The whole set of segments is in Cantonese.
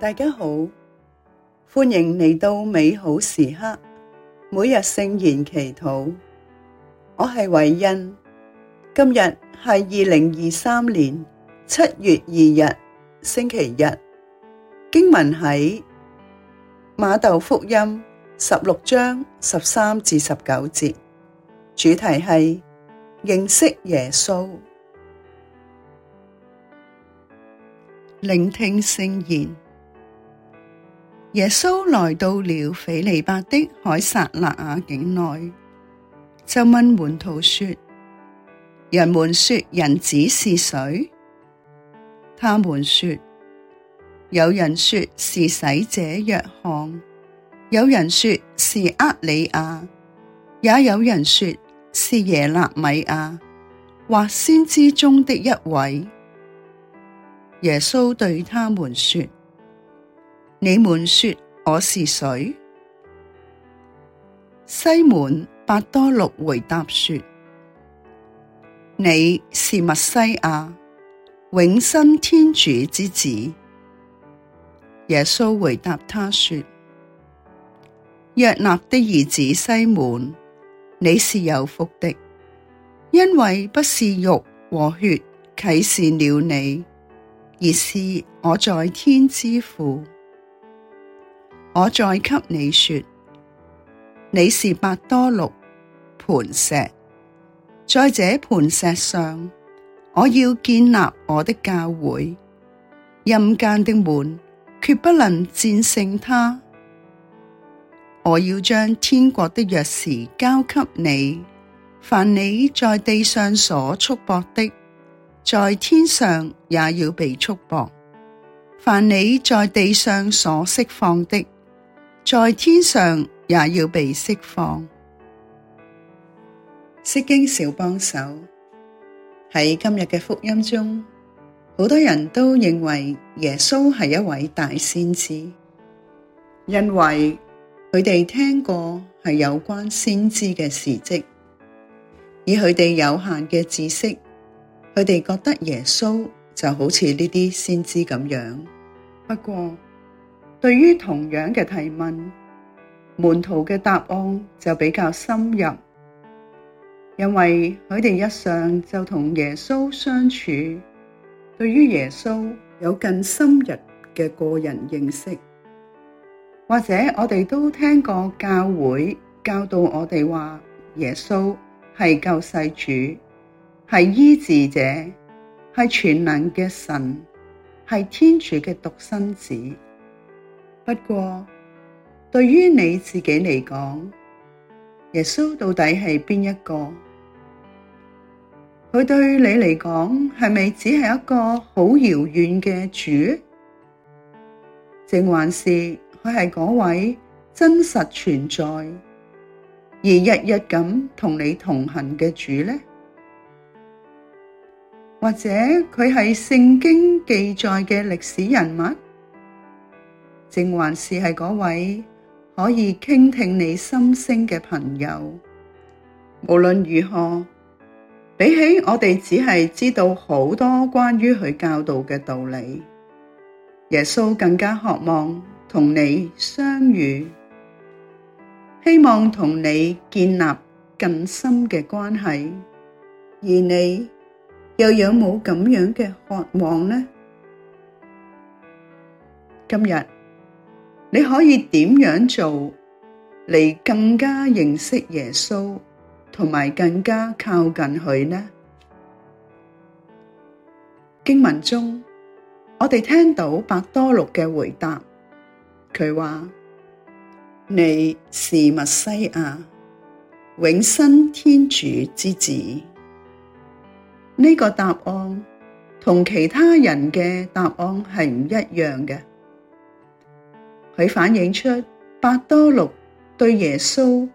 大家好，歡迎嚟到美好時刻，每日聖言祈禱。我係韋恩，今日係二零二三年七月二日星期日。經文喺馬竇福音十六章十三至十九節，主題係認識耶穌，聆聽聖言。耶穌來到了裴理伯的凱撒勒雅境內，就問門徒說：人們說人子是誰？他們說：有人說是洗者若翰，有人說是厄里亞，也有人說是耶肋米亞或先知中的一位。耶穌對他們說。你們說我是誰？西滿伯多祿回答說：你是默西亞，永生天主之子。耶穌回答他說：約納的兒子西滿，你是有福的，因為不是肉和血啟示了你，而是我在天之父。我再給你說，你是伯多祿磐石，在這磐石上，我要建立我的教會。陰間的門決不能戰勝它。我要將天國的鑰匙交給你，凡你在地上所束縛的，在天上也要被束縛；凡你在地上所釋放的，在天上也要被釋放。釋經小幫手，喺今日嘅福音中，好多人都認為耶穌係一位大先知，因為佢哋聽過係有關先知嘅事蹟，以佢哋有限嘅知識，佢哋覺得耶穌就好似呢啲先知咁樣。不過，對於同樣嘅提問，門徒嘅答案就比較深入，因為佢哋一向就同耶穌相處，對於耶穌有更深入嘅個人認識。或者我哋都聽過教會教導我哋話，耶穌係救世主，係醫治者，係全能嘅神，係天主嘅獨生子。不過，對於你自己嚟講，耶穌到底係邊一個？佢對你嚟講係咪只係一個好遙遠嘅主？定還是佢係嗰位真實存在而日日咁同你同行嘅主呢？或者佢係聖經記載嘅歷史人物？正還是係嗰位可以傾聽你心聲嘅朋友？無論如何，比起我哋只係知道好多關於佢教導嘅道理，耶穌更加渴望同你相遇，希望同你建立更深嘅關係。而你又有冇咁樣嘅渴望呢？今日，你可以點樣做嚟更加認識耶穌，同埋更加靠近佢呢？經文中，我哋聽到伯多祿嘅回答，佢話：你是默西亞，永生天主之子。呢個答案同其他人嘅答案係唔一樣嘅。佢反映出伯多祿對耶穌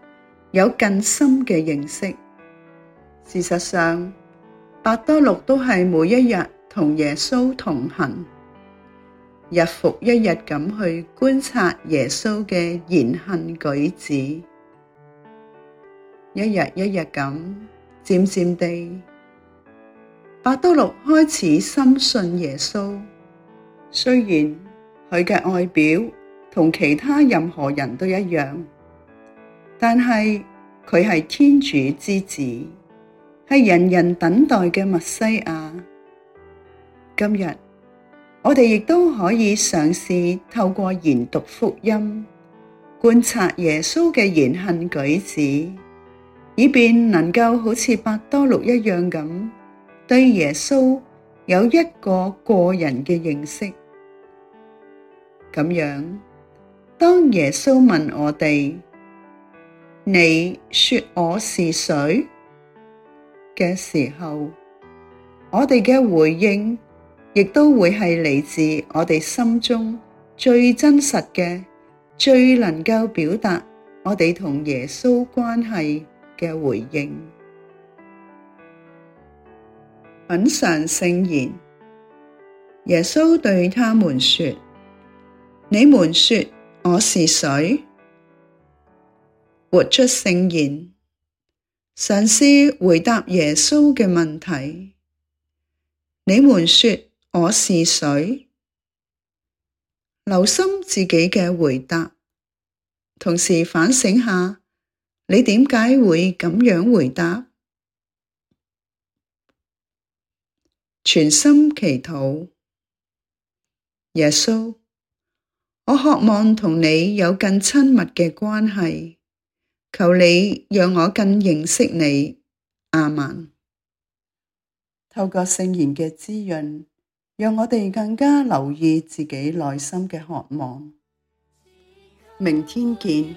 有更深嘅認識。事實上，伯多祿都係每一日同耶穌同行，日復一日咁去觀察耶穌嘅言行舉止，一日一日咁漸漸地，伯多祿開始深信耶穌。雖然佢嘅外表，同其他任何人都一樣，但係佢係天主之子，係人人等待嘅默西亞。今日我哋亦都可以嘗試透過研讀福音，觀察耶穌嘅言行舉止，以便能夠好似伯多祿一樣咁，對耶穌有一個個人嘅認識。咁樣，當耶穌問我哋，你說我是誰嘅時候，我哋嘅回應，亦都會係嚟自我哋心中最真實嘅，最能夠表達我哋同耶穌關係嘅回應。品嚐聖言，耶穌對他們說：你們說。我是誰？活出聖言，嘗試回答耶穌嘅問題：你們說我是誰？留心自己嘅回答，同時反省下，你點解會咁樣回答？全心祈禱，耶穌。我渴望同你有更親密嘅關係，求你讓我更認識你，阿們。透過聖言嘅滋潤，讓我哋更加留意自己內心嘅渴望。明天見。